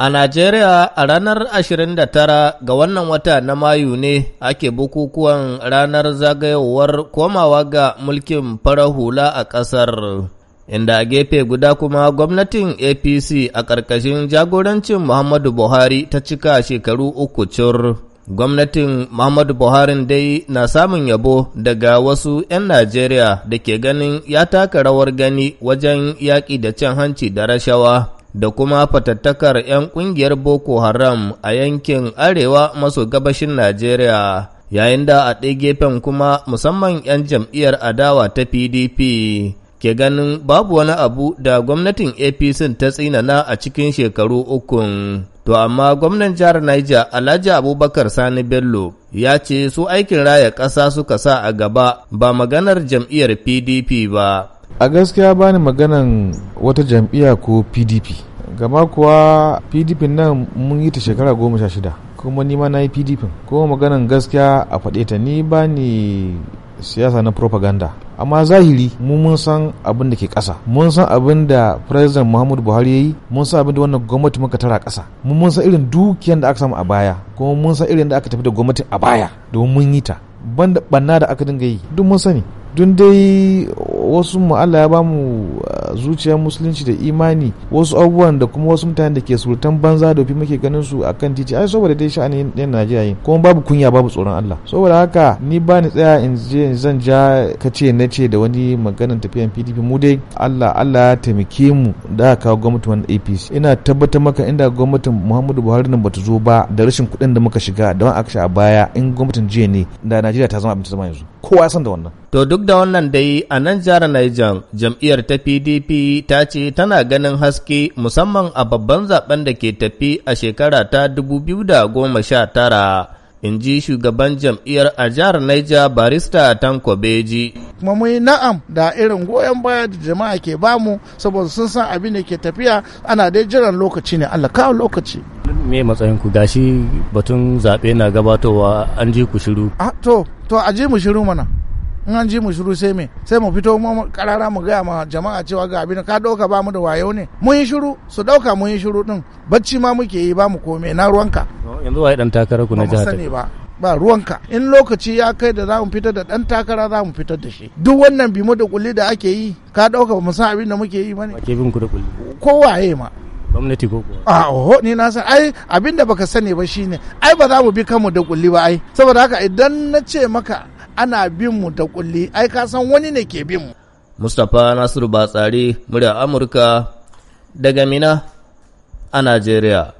A Najeriya a ranar 29 ga wannan wata na Mayu ne ake bukukuwan ranar zagayowar komawa ga mulkin fara hula a ƙasar. Inda a gefe guda kuma gwamnatin APC a ƙarƙashin jagorancin Muhammadu Buhari ta cika shekaru uku cur. Gwamnatin Muhammadu Buhari dai na samun yabo daga wasu ‘yan Najeriya da ke ganin ya taka rawar gani wajen yaƙi da cin hanci da rashawa. da kuma fatattakar 'yan ƙungiyar Boko Haram a yankin arewa maso gabashin Najeriya, yayin da a ɗaya gefen kuma musamman 'yan jam'iyyar adawa ta PDP ke ganin babu wani abu da gwamnatin APC ta tsinana a cikin shekaru ukun. To amma gwamnan jihar Niger Alhaji Abubakar Sani Bello ya ce su aikin raya ƙasa suka sa a gaba ba maganar jam'iyyar PDP ba. a gaskiya bani maganan wata jam'iyya ko pdp gama kuwa pdp nan mun yi ta shekara goma sha shida kuma nima na yi pdp kuma maganan gaskiya a faɗe ta ni ba ni siyasa na propaganda amma zahiri mu mun san abin da ke ƙasa mun san abin da president muhammadu buhari ya yi mun san abin da wannan gwamnati muka tara ƙasa mun mun san irin dukiyan da aka samu a baya kuma mun san irin da aka tafi da gwamnati a baya domin mun yi ta banda banna da aka dinga yi duk mun sani dun dai wasu mu Allah ya ba mu uh, zuciyar musulunci da imani wasu abubuwan da kuma wasu mutane da ke surutan banza da fi muke ganin su a kan titi ai saboda dai sha'anin yan Najeriya yin kuma babu kunya babu tsoron Allah saboda haka ni ba ni tsaya in je zan ja kace na ce da wani maganar tafiyan PDP mu dai Allah Allah ya taimake mu da kawo gwamnati wani APC ina tabbatar maka inda gwamnatin Muhammadu Buhari nan bata zo ba da rashin kuɗin da muka shiga da wani a baya in gwamnatin jiya ne da Najeriya ta zama abin ta zama yanzu kowa san da wannan To duk da wannan dai a nan jihar Niger jam'iyyar ta PDP ta ce tana ganin haske musamman a babban zaben da ke tafi a shekara ta 2019. in ji shugaban jam'iyyar a jihar Niger barista Tanko Beji. Kuma mu na'am da irin goyon baya da jama'a ke bamu saboda sun san abin da ke tafiya ana dai jiran lokaci ne Allah kawo lokaci. Me matsayin ku gashi batun zaɓe na gabatowa an ji ku shiru. Ah, to to a ji mu shiru mana. in an ji mu shiru sai me sai mu fito mu karara mu gaya ma jama'a cewa ga abin ka dauka ba mu da wayo ne mun yi shiru su dauka mun yi shiru din bacci ma muke yi ba mu kome na ruwanka yanzu wai dan takara ku na jihar ba sani ba ba ruwanka in lokaci ya kai da za mu fitar da dan takara za mu fitar da shi duk wannan bi mu da kulli da ake yi ka dauka ba mu san abin da muke yi bane ke bin ku da kulli Ko waye ma gwamnati ko kuwa a ah, oho ni na san ai abin da baka sani ba shine ai ba za mu bi kanmu da kulli ba ai saboda haka idan na ce maka ana bin mu ta kulli ai ka san wani ne ke bin mu Mustapha Nasiru Batsari murya Amurka daga Mina a Najeriya